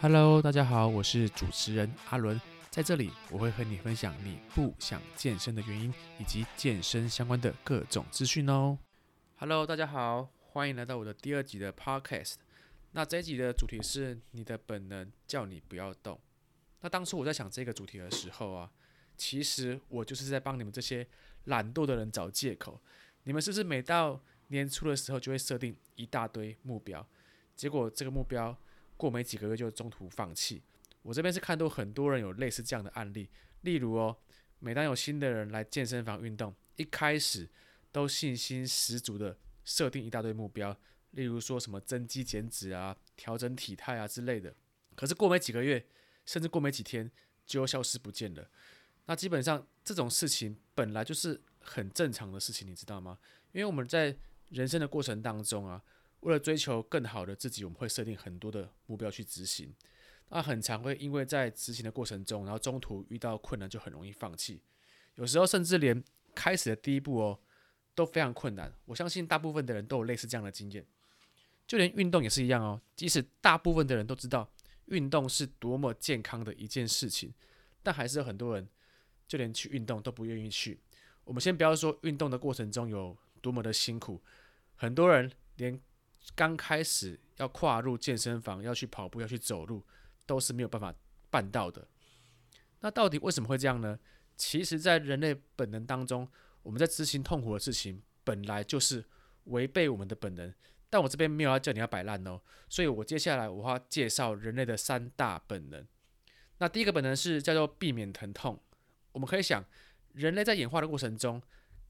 哈嘍，Hello, 大家好，我是主持人阿倫，在這裡我會和你分享你不想健身的原因，以及健身相關的各種資訊哦。哈嘍，大家好，歡迎來到我的第二集的 Podcast。那這一集的主題是你的本能叫你不要動。那當初我在想這個主題的時候啊，其實我就是在幫你們這些懶惰的人找借口。你們是不是每到年初的時候就會設定一大堆目標？結果這個目標，過沒幾個月就中途放棄，我這邊是看到很多人有類似這樣的案例，例如哦，每當有新的人來健身房運動，一開始都信心十足地設定一大堆目標，例如說什麼增肌減脂啊、調整體態啊之類的，可是過沒幾個月，甚至過沒幾天就消失不見了。那基本上這種事情本來就是很正常的事情，你知道嗎？因為我們在人生的過程當中啊。為了追求更好的自己，我們會設定很多的目標去執行。那很常會因為在執行的過程中，然後中途遇到困難就很容易放棄。有時候甚至連開始的第一步哦都非常困難。我相信大部分的人都有類似這樣的經驗。就連運動也是一樣哦。即使大部分的人都知道運動是多麼健康的一件事情，但還是有很多人就連去運動都不願意去。我們先不要說運動的過程中有多麼的辛苦，很多人連剛開始要跨入健身房，要去跑步，要去走路，都是沒有辦法辦到的。那到底為什麼會這樣呢？其實，在人類本能當中，我們在執行痛苦的事情，本來就是違背我們的本能。但我這邊沒有要叫你要擺爛哦，所以我接下來我要介紹人類的三大本能。那第一個本能是叫做避免疼痛。我們可以想，人類在演化的過程中，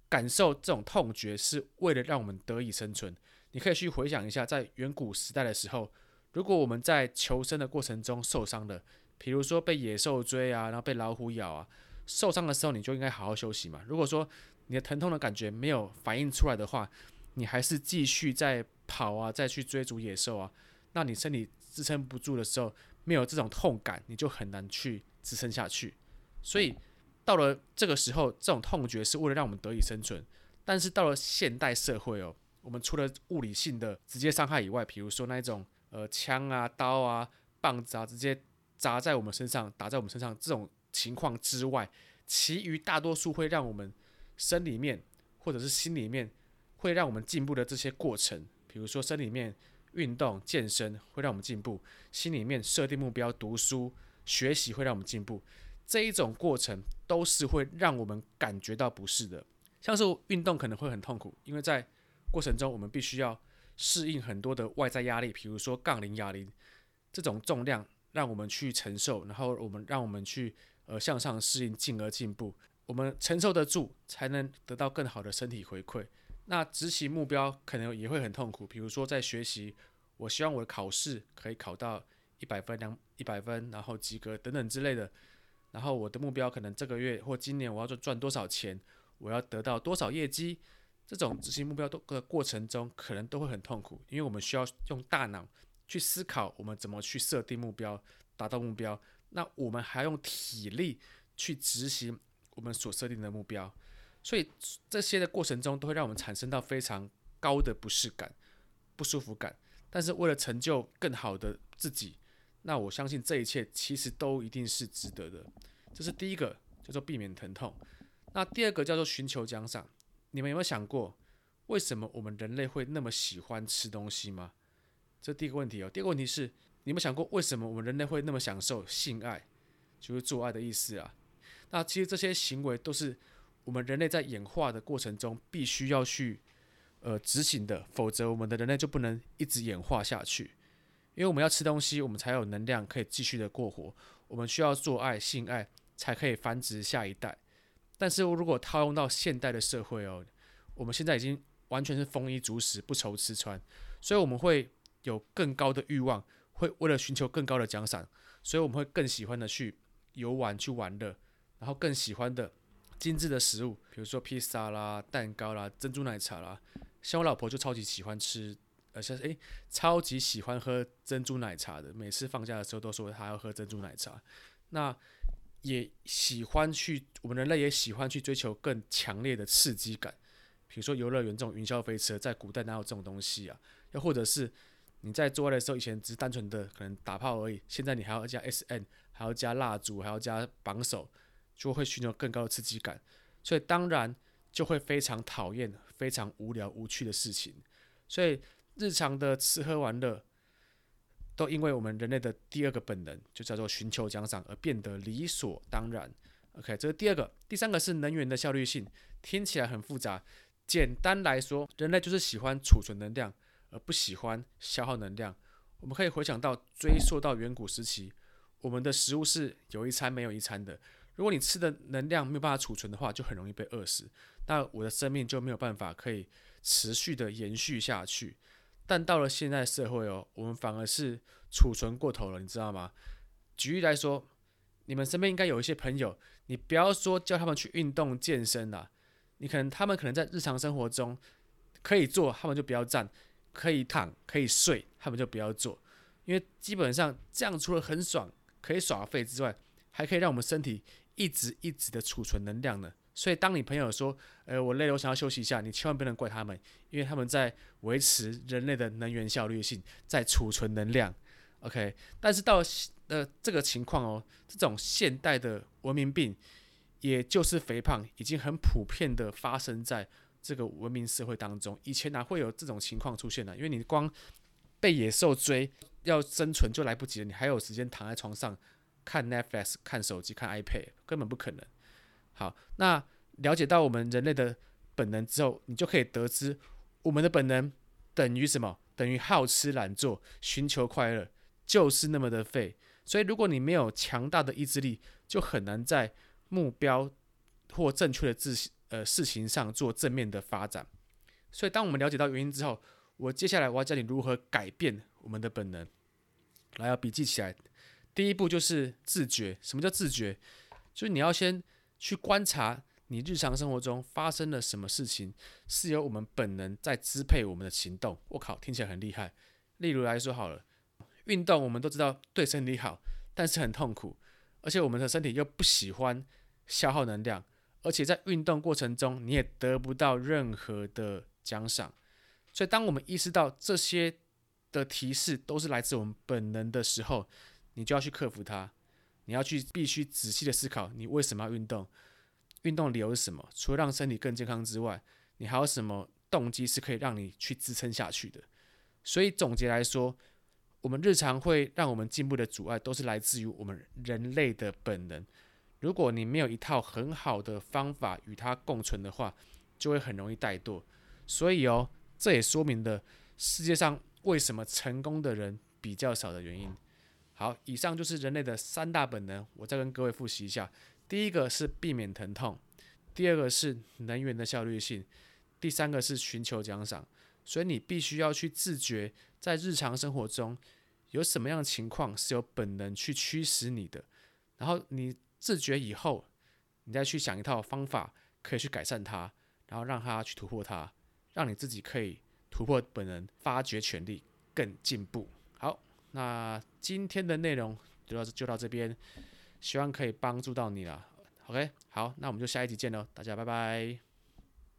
感受這種痛覺是為了讓我們得以生存。你可以去回想一下，在遠古時代的時候，如果我們在求生的過程中受傷了，比如說被野獸追啊，然後被老虎咬啊，受傷的時候你就應該好好休息嘛。如果說你的疼痛的感覺沒有反應出來的話，你還是繼續在跑啊，再去追逐野獸啊，那你身體支撐不住的時候，沒有這種痛感，你就很難去支撐下去。所以到了這個時候，這種痛覺是為了讓我們得以生存。但是到了現代社會哦。我們除了物理性的直接傷害以外，比如說那一種呃槍啊、刀啊、棒子啊，直接砸在我們身上、打在我們身上這種情況之外，其餘大多數會讓我們生理面或者是心裡面會讓我們進步的這些過程，比如說生理面運動健身會讓我們進步，心裡面設定目標、讀書學習會讓我們進步，這一種過程都是會讓我們感覺到不適的，像是運動可能會很痛苦，因為在過程中，我們必須要適應很多的外在壓力，比如說槓鈴、啞鈴這種重量，讓我們去承受，然後我們讓我們去呃向上適應，進而進步。我們承受得住，才能得到更好的身體回饋。那執行目標可能也會很痛苦，比如說在學習，我希望我的考試可以考到一百分、兩一百分，然後及格等等之類的。然後我的目標可能這個月或今年我要賺多少錢，我要得到多少業績。這種執行目標的過程中，可能都會很痛苦，因為我們需要用大腦去思考我們怎麼去設定目標、達到目標，那我們還要用體力去執行我們所設定的目標，所以這些的過程中都會讓我們產生到非常高的不適感、不舒服感。但是為了成就更好的自己，那我相信這一切其實都一定是值得的。這是第一個叫做、就是、避免疼痛，那第二個叫做尋求獎賞。你們有沒有想過，為什麼我們人類會那麼喜歡吃東西嗎？這第一個問題哦。第二個問題是，你們想過為什麼我們人類會那麼享受性愛，就是做愛的意思啊？那其實這些行為都是我們人類在演化的過程中必須要去呃執行的，否則我們的人類就不能一直演化下去。因為我們要吃東西，我們才有能量可以繼續的過活；我們需要做愛、性愛，才可以繁殖下一代。但是，如果套用到現代的社會哦，我們現在已經完全是豐衣足食，不愁吃穿，所以我們會有更高的慾望，會為了尋求更高的獎賞，所以我們會更喜歡的去遊玩、去玩樂，然後更喜歡的精致的食物，比如說披薩啦、蛋糕啦、珍珠奶茶啦。像我老婆就超級喜歡吃，而且哎，超級喜歡喝珍珠奶茶的。每次放假的時候都說她要喝珍珠奶茶。那，也喜歡去，我們人類也喜歡去追求更強烈的刺激感，比如說遊樂園這種雲霄飛車，在古代哪有這種東西啊？又或者是你在做愛的時候，以前只是單純的可能打炮而已，現在你還要加 SM，還要加蠟燭，還要加綁手，就會尋求更高的刺激感，所以當然就會非常討厭，非常無聊無趣的事情，所以日常的吃喝玩樂。都因為我們人類的第二個本能，就叫做尋求獎賞，而變得理所當然。OK，這是第二個。第三個是能源的效率性，聽起來很複雜。簡單來說，人類就是喜歡儲存能量，而不喜歡消耗能量。我們可以回想到追溯到遠古時期，我們的食物是有一餐沒有一餐的。如果你吃的能量沒有辦法儲存的話，就很容易被餓死。那我的生命就沒有辦法可以持續的延續下去。但到了現在的社會哦，我們反而是儲存過頭了，你知道嗎？舉例來說，你們身邊應該有一些朋友，你不要說叫他們去運動健身了啊，你可能他們可能在日常生活中可以坐，他們就不要站；可以躺，可以睡，他們就不要坐，因為基本上這樣除了很爽，可以耍廢之外，還可以讓我們身體一直一直的儲存能量呢。所以，當你朋友說：“呃，我累了，我想要休息一下。”，你千萬不能怪他們，因為他們在維持人類的能源效率性，在儲存能量。OK，但是到呃這個情況哦，這種現代的文明病，也就是肥胖，已經很普遍的發生在這個文明社會當中。以前哪會有這種情況出現呢？因為你光被野獸追要生存就來不及了，你還有時間躺在床上看 Netflix、看手機、看 iPad，根本不可能。好，那了解到我們人類的本能之後，你就可以得知我們的本能等於什麼？等於好吃懶做、尋求快樂，就是那麼的廢。所以，如果你沒有強大的意志力，就很難在目標或正確的自呃事情上做正面的發展。所以，當我們了解到原因之後，我接下來我要教你如何改變我們的本能。來，要筆記起來。第一步就是自覺。什麼叫自覺？就是你要先。去觀察你日常生活中發生了什麼事情，是由我們本能在支配我們的行動。我靠，聽起來很厲害。例如來說好了，運動我們都知道對身體好，但是很痛苦，而且我們的身體又不喜歡消耗能量，而且在運動過程中你也得不到任何的獎賞。所以，當我們意識到這些的提示都是來自我們本能的時候，你就要去克服它。你要去必須仔細的思考，你為什麼要運動？運動理由是什麼？除了讓身體更健康之外，你還有什麼動機是可以讓你去支撐下去的？所以總結來說，我們日常會讓我們進步的阻礙，都是來自於我們人類的本能。如果你沒有一套很好的方法與它共存的話，就會很容易怠惰。所以哦，這也說明了世界上為什麼成功的人比較少的原因。好，以上就是人類的三大本能。我再跟各位復習一下：第一個是避免疼痛，第二個是能源的效率性，第三個是尋求獎賞。所以你必須要去自覺，在日常生活中有什麼樣的情況是由本能去驅使你的，然後你自覺以後，你再去想一套方法可以去改善它，然後讓它去突破它，讓你自己可以突破本能，發掘潛力，更進步。那今天的內容就到就到這邊，希望可以幫助到你了。OK，好，那我們就下一集見嘍，大家拜拜。